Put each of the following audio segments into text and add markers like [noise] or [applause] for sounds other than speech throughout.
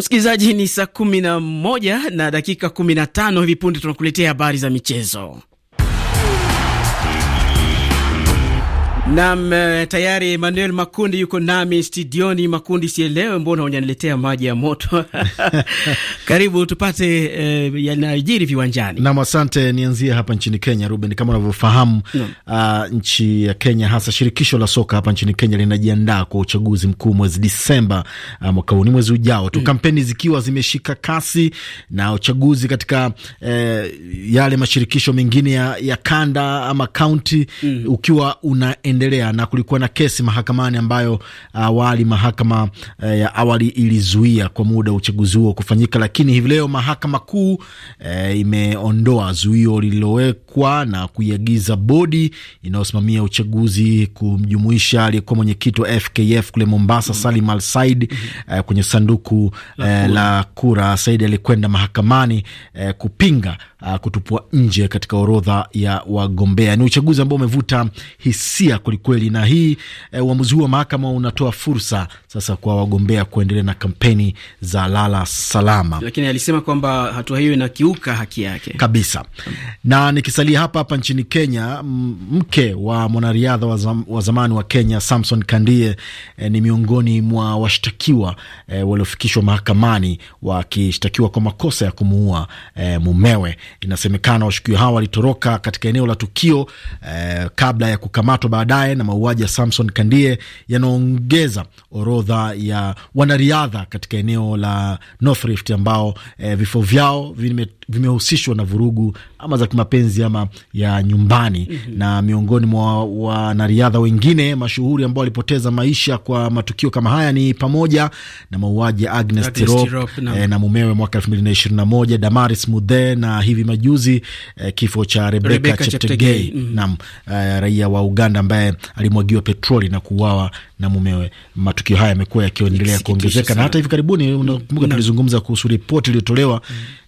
Msikilizaji, ni saa kumi na moja na dakika kumi na tano hivi punde tunakuletea habari za michezo. Nam eh, tayari Emmanuel Makundi yuko nami studioni. Makundi, sielewe mbona unaniletea maji ya moto [laughs] karibu tupate eh, yanayojiri viwanjani. Nam asante, nianzie hapa nchini Kenya. Ruben, kama unavyofahamu no. uh, ah, nchi ya Kenya hasa shirikisho la soka hapa nchini Kenya linajiandaa kwa uchaguzi mkuu mwezi Disemba uh, mwaka huu, ni mwezi ujao tu mm. kampeni zikiwa zimeshika kasi na uchaguzi katika uh, yale mashirikisho mengine ya, ya kanda ama kaunti mm. ukiwa una unaendelea na kulikuwa na kesi mahakamani ambayo uh, awali mahakama uh, ya eh, awali ilizuia kwa muda uchaguzi huo kufanyika, lakini hivi leo mahakama kuu eh, imeondoa zuio lililowekwa na kuiagiza bodi inayosimamia uchaguzi kumjumuisha aliyekuwa mwenyekiti wa FKF kule Mombasa, Salim Al Said eh, kwenye sanduku eh, la kura. Said alikwenda mahakamani eh, kupinga uh, kutupwa nje katika orodha ya wagombea. Ni uchaguzi ambao umevuta hisia kwelikweli, na hii eh, uamuzi eh, huu wa mahakama unatoa fursa sasa kwa wagombea kuendelea na kampeni za lala salama, lakini alisema kwamba hatua hiyo inakiuka haki yake kabisa. Na nikisalia hapa hapa nchini Kenya, mke wa mwanariadha wa, zam, wa zamani wa Kenya Samson Kandie eh, ni miongoni mwa washtakiwa eh, waliofikishwa mahakamani wakishtakiwa kwa makosa ya kumuua eh, mumewe. Inasemekana washukiwa hawa walitoroka katika eneo la tukio eh, kabla ya kukamatwa baadaye, na mauaji ya Samson Kandie yanaongeza orodha orodha ya wanariadha katika eneo la North Rift ambao eh, vifo vyao vime vimehusishwa na vurugu ama za kimapenzi ama ya nyumbani mm -hmm. Na miongoni mwa wanariadha wengine mashuhuri ambao walipoteza maisha kwa matukio kama haya ni pamoja na mauaji ya Agnes Tirop na, eh, na mumewe mwaka elfu mbili na ishirini na moja, Damaris Mudhe na hivi majuzi eh, kifo cha Rebeka Cheptegei mm -hmm. Nam eh, raia wa Uganda ambaye alimwagiwa petroli na kuuawa na mumewe. Matukio haya yamekuwa yakiendelea kuongezeka na hata hivi karibuni, unakumbuka tulizungumza kuhusu ripoti iliyotolewa mm -hmm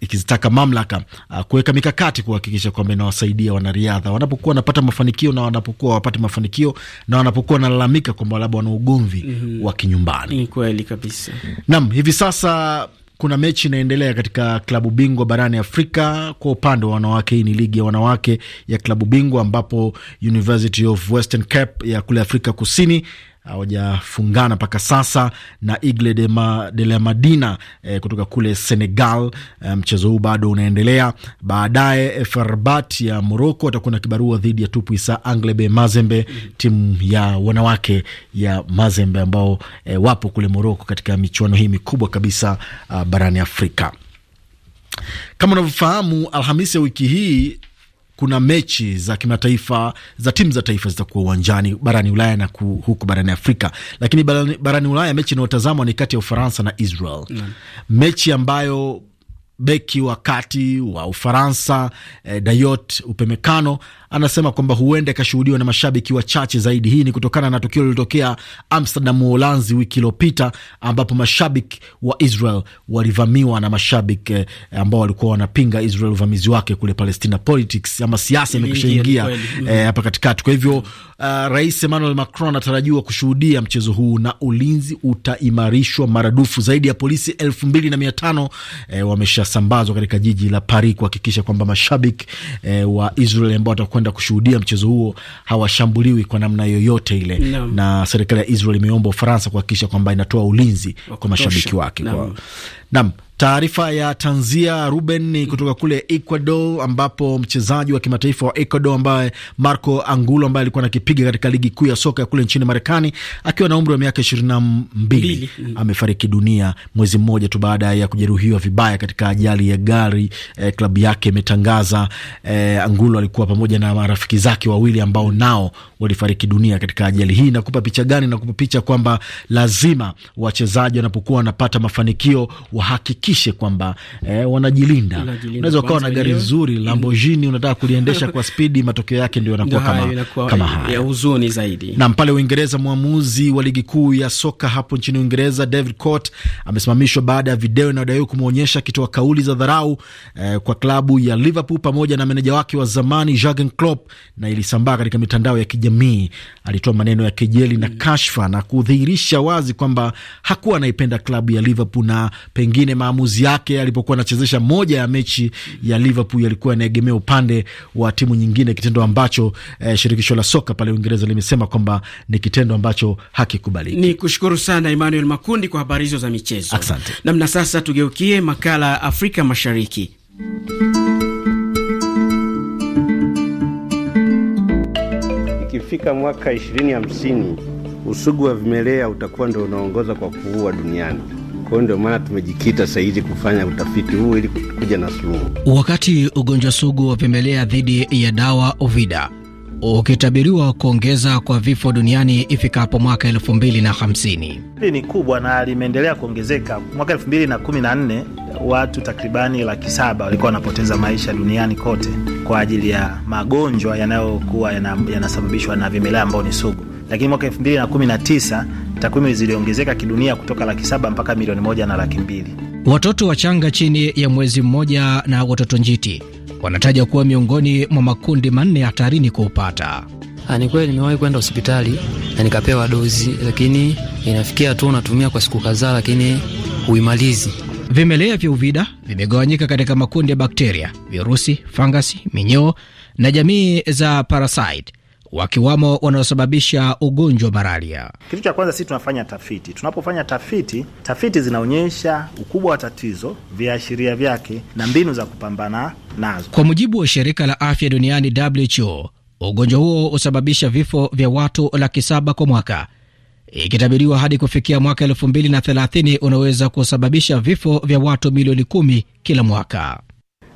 ikizitaka mamlaka uh, kuweka mikakati kuhakikisha kwamba inawasaidia wanariadha wanapokuwa wanapata mafanikio na wanapokuwa wapate mafanikio na wanapokuwa wanalalamika kwamba labda wana ugomvi mm -hmm. wa kinyumbani. Ni kweli kabisa. Naam, hivi sasa kuna mechi inaendelea katika klabu bingwa barani Afrika. Kwa upande wa wanawake, hii ni ligi ya wanawake ya klabu bingwa ambapo University of Western Cape ya kule Afrika Kusini hawajafungana mpaka sasa na Igle de, ma, de la Madina eh, kutoka kule Senegal. Eh, mchezo um, huu bado unaendelea. Baadaye Farbat ya Moroko atakuwa na kibarua dhidi ya Tupuisa Anglebe Mazembe, timu ya wanawake ya Mazembe ambao eh, wapo kule Moroko katika michuano hii mikubwa kabisa uh, barani Afrika. Kama unavyofahamu, Alhamisi ya wiki hii kuna mechi za kimataifa za timu za taifa zitakuwa uwanjani barani Ulaya na ku, huku barani Afrika, lakini barani, barani Ulaya mechi inayotazamwa ni kati ya Ufaransa na Israel mm. mechi ambayo beki wa kati wa Ufaransa eh, Dayot Upemekano anasema kwamba huenda ikashuhudiwa na mashabiki wachache zaidi. Hii ni kutokana na tukio lililotokea Amsterdam, Uholanzi, wiki iliyopita ambapo mashabiki wa Israel walivamiwa na mashabiki eh, ambao walikuwa wanapinga Israel uvamizi wake kule Palestina. Politics ama siasa imekwisha ingia mm. eh, hapa eh, katikati. Kwa hivyo uh, Rais Emmanuel Macron anatarajiwa kushuhudia mchezo huu na ulinzi utaimarishwa maradufu. Zaidi ya polisi elfu mbili na mia tano eh, wameshasambazwa katika jiji la Paris kuhakikisha kwamba mashabiki eh, wa Israel ambao watakuwa kwenda kushuhudia mchezo huo hawashambuliwi kwa namna yoyote ile na, na serikali ya Israel imeomba Ufaransa kuhakikisha kwamba inatoa ulinzi kwa mashabiki wake. Naam, Taarifa ya tanzia Ruben ni kutoka kule Ecuador, ambapo mchezaji wa kimataifa wa Ecuador ambaye Marco Angulo ambaye alikuwa anakipiga katika ligi kuu ya soka ya kule nchini Marekani akiwa na umri wa miaka ishirini na mbili mm. amefariki dunia mwezi mmoja tu baada ya kujeruhiwa vibaya katika ajali ya gari. Eh, klabu yake imetangaza eh, Angulo alikuwa pamoja na marafiki zake wawili ambao nao walifariki dunia katika ajali hii. Nakupa picha gani? Nakupa picha kwamba lazima wachezaji wanapokuwa wanapata mafanikio wahakiki wahakikishe kwamba eh, wanajilinda. Unaweza ukawa na gari nzuri mm. Lamborghini, unataka kuliendesha kwa [laughs] spidi, matokeo yake ndio yanakuwa kama, kama haya ya huzuni zaidi. Na pale Uingereza, mwamuzi wa ligi kuu ya soka hapo nchini Uingereza David Court amesimamishwa baada ya video inayodaiwa kumwonyesha akitoa kauli za dharau eh, kwa klabu ya Liverpool pamoja na meneja wake wa zamani Jurgen Klopp, na ilisambaa katika mitandao ya kijamii. Alitoa maneno ya kejeli na mm. kashfa na kudhihirisha wazi kwamba hakuwa anaipenda klabu ya Liverpool na pengine maamuzi maamuzi yake alipokuwa anachezesha moja ya mechi ya Liverpool yalikuwa yanaegemea upande wa timu nyingine, kitendo ambacho eh, shirikisho la soka pale Uingereza limesema kwamba ni kitendo ambacho hakikubaliki. Ni kushukuru sana Emmanuel Makundi kwa habari hizo za michezo. Asante. Namna sasa tugeukie makala ya Afrika Mashariki. Ikifika mwaka 2050 usugu wa vimelea utakuwa ndio unaongoza kwa kuua duniani kwao ndio maana tumejikita sahizi kufanya utafiti huu ili kuja na suluhu. Wakati ugonjwa sugu wa vimelea dhidi ya dawa Uvida ukitabiriwa kuongeza kwa vifo duniani ifikapo mwaka hamsini. Hili ni kubwa na limeendelea kuongezeka. Mwaka 2014 watu takribani laki saba walikuwa wanapoteza maisha duniani kote kwa ajili ya magonjwa yanayokuwa yanasababishwa na vimelea ambao ni sugu lakini mwaka tisa takwimu ziliongezeka kidunia kutoka laki saba mpaka milioni moja na laki mbili. Watoto wachanga chini ya mwezi mmoja na watoto njiti wanataja kuwa miongoni mwa makundi manne hatarini kuupata. Ah, ni kweli nimewahi kwenda hospitali na nikapewa dozi, lakini inafikia tu unatumia kwa siku kadhaa, lakini huimalizi. Vimelea vya uvida vimegawanyika katika makundi ya bakteria, virusi, fangasi, minyoo na jamii za parasite wakiwamo wanaosababisha ugonjwa wa malaria. Kitu cha kwanza, sisi tunafanya tafiti. Tunapofanya tafiti, tafiti zinaonyesha ukubwa wa tatizo, viashiria vyake na mbinu za kupambana nazo. Kwa mujibu wa shirika la afya duniani WHO, ugonjwa huo husababisha vifo vya watu laki saba kwa mwaka ikitabiriwa hadi kufikia mwaka elfu mbili na thelathini unaweza kusababisha vifo vya watu milioni kumi kila mwaka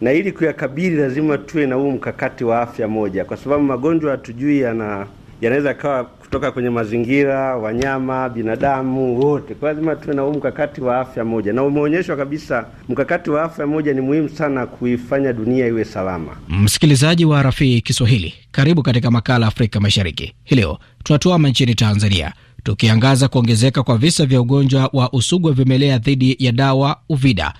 na ili kuyakabili lazima tuwe na huu mkakati wa afya moja, kwa sababu magonjwa hatujui yana yanaweza kawa kutoka kwenye mazingira, wanyama, binadamu wote. Kwa lazima tuwe na huu mkakati wa afya moja, na umeonyeshwa kabisa mkakati wa afya moja ni muhimu sana kuifanya dunia iwe salama. Msikilizaji wa Rafii Kiswahili, karibu katika makala Afrika Mashariki. Hii leo tunatuama nchini Tanzania tukiangaza kuongezeka kwa visa vya ugonjwa wa usugu wa vimelea dhidi ya dawa UVIDA.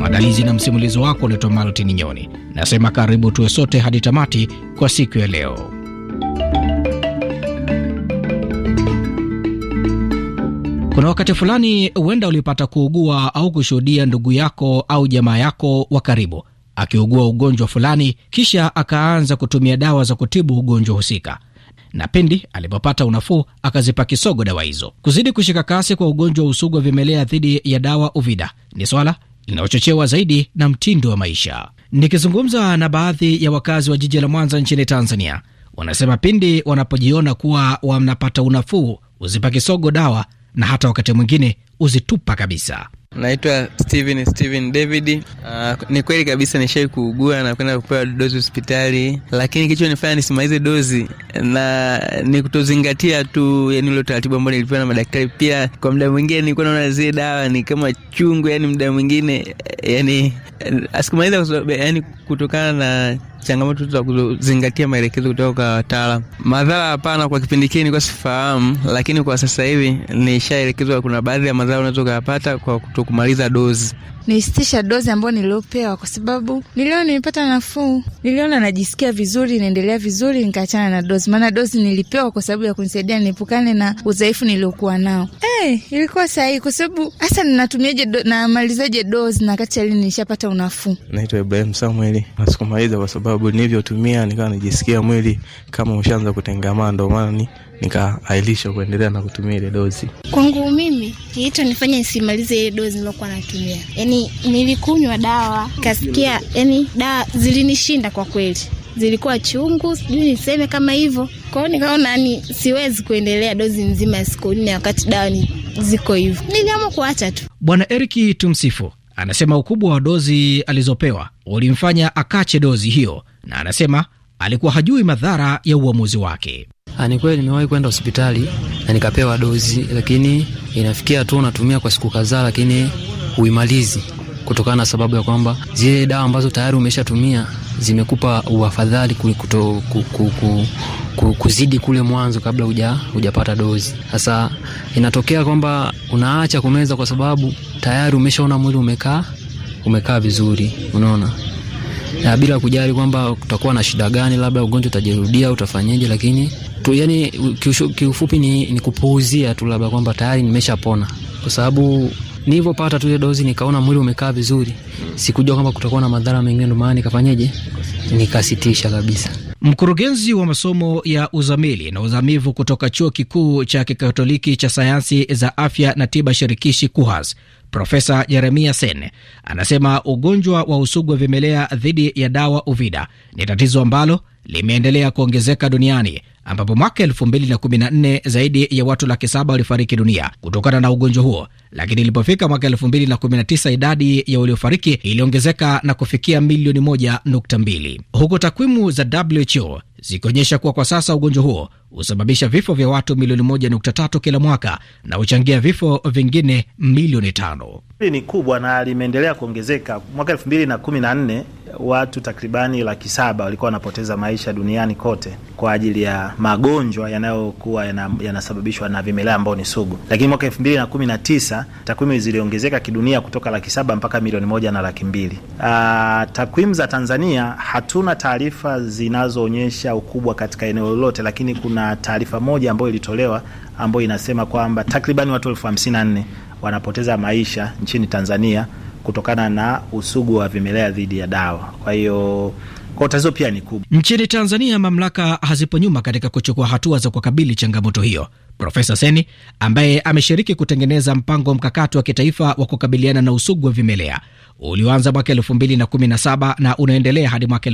Mwandalizi na msimulizi wako unaitwa Martin Nyoni. Nasema karibu tuwe sote hadi tamati kwa siku ya leo. Kuna wakati fulani huenda ulipata kuugua au kushuhudia ndugu yako au jamaa yako wa karibu akiugua ugonjwa fulani, kisha akaanza kutumia dawa za kutibu ugonjwa husika, na pindi alipopata unafuu akazipa kisogo dawa hizo. Kuzidi kushika kasi kwa ugonjwa wa usugu wa vimelea dhidi ya dawa Uvida ni swala linalochochewa zaidi na mtindo wa maisha. Nikizungumza na baadhi ya wakazi wa jiji la Mwanza nchini Tanzania, wanasema pindi wanapojiona kuwa wanapata unafuu uzipa kisogo dawa na hata wakati mwingine huzitupa kabisa. Naitwa Steven Steven David. Uh, ni kweli kabisa nishai kuugua na kwenda kupewa dozi hospitali, lakini kichwa nifanya nisimalize dozi na ni kutozingatia tu, yani ule utaratibu ambao nilipewa na madaktari. Pia kwa muda mwingine nilikuwa naona zile dawa ni kama chungu, yani muda mwingine yani asikumaliza, eh, yani kutokana na changamoto za kuzingatia maelekezo kutoka kwa wataalamu. Madhara hapana, kwa kipindi kile nilikuwa sifahamu, lakini kwa sasa hivi nishaelekezwa kuna baadhi ya madhara unaweza ukayapata kwa kutokumaliza dozi. Nisitisha dozi ambayo niliopewa kwa sababu niliona nimepata nafuu, niliona najisikia vizuri, naendelea vizuri, nikaachana na dozi, maana dozi nilipewa kwa sababu ya kunisaidia niepukane na udhaifu niliokuwa nao. Hey, eh, ilikuwa sahihi kwa sababu hasa ninatumiaje do, namalizaje dozi na kati alini nishapata unafuu. Naitwa Ibrahim Samueli, nasikumaliza kwa sababu sababu nilivyotumia nikawa najisikia mwili kama ushaanza kutengamaa, ndo maana nikaailisha kuendelea na kutumia ile dozi. Kwangu mimi kilichonifanya nisimalize ile dozi nilokuwa natumia, yani nilikunywa dawa kasikia, yani dawa zilinishinda kwa kweli, zilikuwa chungu, sijui niseme kama hivyo. kwao, nikaona ni yaani, siwezi kuendelea dozi nzima ya siku nne wakati dawa ni ziko hivyo, niliamua kuacha tu. Bwana Eriki Tumsifu anasema ukubwa wa dozi alizopewa ulimfanya akache dozi hiyo, na anasema alikuwa hajui madhara ya uamuzi wake. Ah, ni kweli nimewahi kwenda hospitali na nikapewa dozi, lakini inafikia tu unatumia kwa siku kadhaa, lakini huimalizi kutokana na sababu ya kwamba zile dawa ambazo tayari umeshatumia zimekupa uafadhali kuto, ku, ku, ku, ku, kuzidi kule mwanzo kabla hujapata ujapata dozi. Sasa inatokea kwamba unaacha kumeza kwa sababu tayari umeshaona mwili umekaa umekaa vizuri, unaona na bila kujali kwamba utakuwa na shida gani, labda ugonjwa utajirudia, utafanyaje, lakini tu, yani kiufupi ni, ni kupuuzia tu, labda kwamba tayari nimeshapona, kwa sababu nilivyopata tu ile dozi nikaona mwili umekaa vizuri, sikujua kwamba kutakuwa na madhara mengine, ndio maana nikafanyaje, nikasitisha kabisa. Mkurugenzi wa masomo ya uzamili na uzamivu kutoka chuo kikuu cha kikatoliki cha sayansi za afya na tiba shirikishi KUHAS Profesa Jeremia sen anasema ugonjwa wa usugu wa vimelea dhidi ya dawa UVIDA ni tatizo ambalo limeendelea kuongezeka duniani ambapo mwaka 2014 zaidi ya watu laki saba walifariki dunia kutokana na ugonjwa huo, lakini ilipofika mwaka 2019 idadi ya waliofariki iliongezeka na kufikia milioni 1.2 huku takwimu za WHO zikionyesha kuwa kwa sasa ugonjwa huo husababisha vifo vya watu milioni 1.3 kila mwaka na huchangia vifo vingine milioni tano. Hili ni kubwa na limeendelea kuongezeka. Mwaka nne watu takribani laki saba walikuwa wanapoteza maisha duniani kote kwa ajili ya magonjwa yanayokuwa yanasababishwa na vimelea ambao ni sugu, lakini mwaka tisa takwimu ziliongezeka kidunia kutoka laki saba mpaka milioni moja na laki mbili. Ah, takwimu za Tanzania hatuna taarifa zinazoonyesha kuonyesha ukubwa katika eneo lolote, lakini kuna taarifa moja ambayo ilitolewa ambayo inasema kwamba takriban watu elfu hamsini na nne wanapoteza maisha nchini Tanzania kutokana na usugu wa vimelea dhidi ya dawa. Kwa hiyo pia ni kubwa nchini Tanzania. Mamlaka hazipo nyuma katika kuchukua hatua za kukabili changamoto hiyo. Profesa Seni ambaye ameshiriki kutengeneza mpango mkakati wa kitaifa wa kukabiliana na usugu wa vimelea ulioanza mwaka mbili na unaendelea hadi mwaka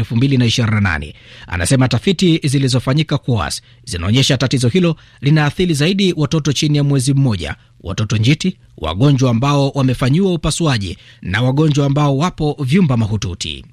nane. Anasema tafiti zilizofanyika KUAS zinaonyesha tatizo hilo linaathiri zaidi watoto chini ya mwezi mmoja, watoto njiti, wagonjwa ambao wamefanyiwa upasuaji na wagonjwa ambao wapo vyumba mahututi.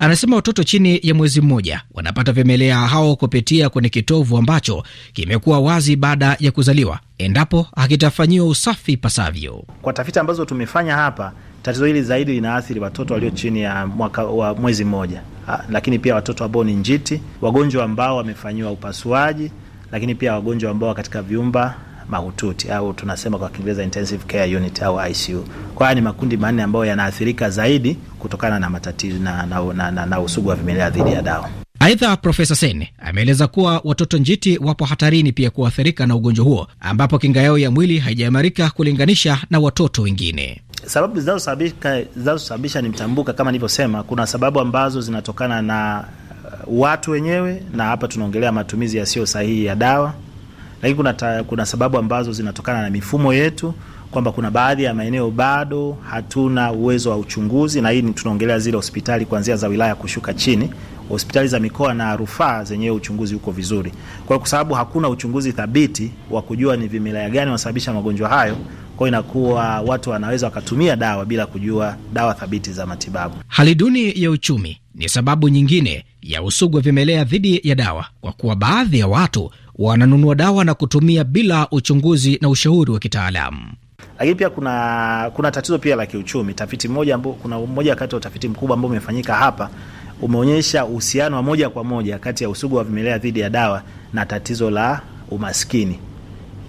Anasema watoto chini ya mwezi mmoja wanapata vimelea hao kupitia kwenye kitovu ambacho kimekuwa wazi baada ya kuzaliwa endapo hakitafanyiwa usafi pasavyo. Kwa tafiti ambazo tumefanya hapa, tatizo hili zaidi linaathiri watoto walio chini ya mwaka wa mwezi mmoja, lakini pia watoto ambao ni njiti, wagonjwa ambao wamefanyiwa upasuaji, lakini pia wagonjwa ambao katika vyumba mahututi au tunasema kwa Kiingereza intensive care unit au ICU. Kwa hiyo ni makundi manne ambayo yanaathirika zaidi kutokana na matatizo na, na, na, na, na usugu wa vimelea dhidi ya dawa. Aidha, Profesa sen ameeleza kuwa watoto njiti wapo hatarini pia kuathirika na ugonjwa huo, ambapo kinga yao ya mwili haijaimarika kulinganisha na watoto wengine. Sababu zinazosababisha ni mtambuka, kama nilivyosema, kuna sababu ambazo zinatokana na uh, watu wenyewe, na hapa tunaongelea matumizi yasiyo sahihi ya dawa lakini kuna, ta, kuna sababu ambazo zinatokana na mifumo yetu kwamba kuna baadhi ya maeneo bado hatuna uwezo wa uchunguzi, na hii tunaongelea zile hospitali kuanzia za wilaya kushuka chini. Hospitali za mikoa na rufaa zenyewe uchunguzi uko vizuri. Kwa hiyo sababu hakuna uchunguzi thabiti wa kujua ni vimelea gani wanasababisha magonjwa hayo, kwa hiyo inakuwa watu wanaweza wakatumia dawa bila kujua dawa thabiti za matibabu. Hali duni ya uchumi ni sababu nyingine ya usugu wa vimelea dhidi ya dawa, kwa kuwa baadhi ya watu wananunua dawa na kutumia bila uchunguzi na ushauri wa kitaalamu. Lakini pia kuna, kuna tatizo pia la kiuchumi. Tafiti moja ambapo, kuna mmoja kati ya utafiti mkubwa ambao umefanyika hapa umeonyesha uhusiano wa moja kwa moja kati ya usugu wa vimelea dhidi ya dawa na tatizo la umaskini.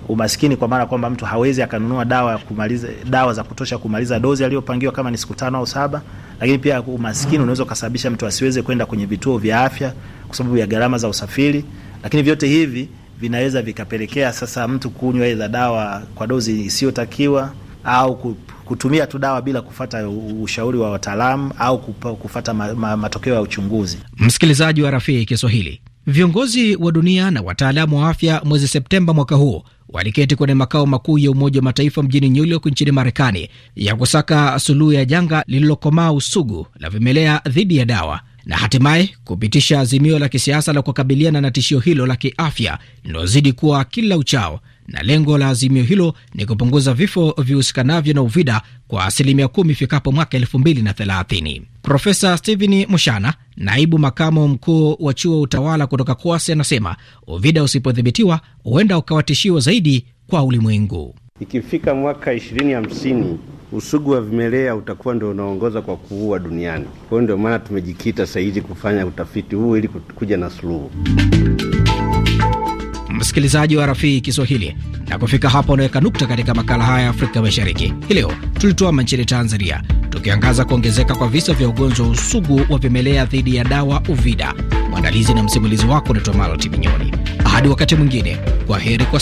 Umaskini kwa maana kwamba mtu hawezi akanunua dawa, kumaliza, dawa za kutosha kumaliza dozi aliyopangiwa kama ni siku tano au saba. Lakini pia umaskini unaweza ukasababisha mtu asiweze kwenda kwenye vituo vya afya kwa sababu ya gharama za usafiri lakini vyote hivi vinaweza vikapelekea sasa mtu kunywa hizo dawa kwa dozi isiyotakiwa au kutumia tu dawa bila kufata ushauri wa wataalamu au kufata ma, ma, matokeo ya uchunguzi. Msikilizaji wa Rafiki Kiswahili, viongozi wa dunia na wataalamu wa afya mwezi Septemba mwaka huu waliketi kwenye makao makuu ya Umoja wa Mataifa mjini New York nchini Marekani ya kusaka suluhu ya janga lililokomaa usugu la vimelea dhidi ya dawa na hatimaye kupitisha azimio la kisiasa la kukabiliana na tishio hilo la kiafya linalozidi kuwa kila uchao, na lengo la azimio hilo ni kupunguza vifo vihusikanavyo na uvida kwa asilimia kumi ifikapo mwaka elfu mbili na thelathini. Profesa Stephen Mushana, naibu makamu mkuu wa chuo utawala kutoka KUASI, anasema uvida usipodhibitiwa huenda ukawa tishio zaidi kwa ulimwengu. Ikifika mwaka hamsini, usugu wa vimelea utakuwa ndio unaongoza kwa kuua duniani. Kwa hiyo ndio maana tumejikita sahizi kufanya utafiti huu ili kuja na suluhu. Msikilizaji wa Rafii Kiswahili, na kufika hapa unaweka nukta katika makala haya ya Afrika Mashariki hii leo. Tulituama nchini Tanzania tukiangaza kuongezeka kwa visa vya ugonjwa usugu wa vimelea dhidi ya dawa UVIDA. Mwandalizi na msimulizi wako unaitwa Maloti Minyoni. Hadi wakati mwingine, kwa heri kwa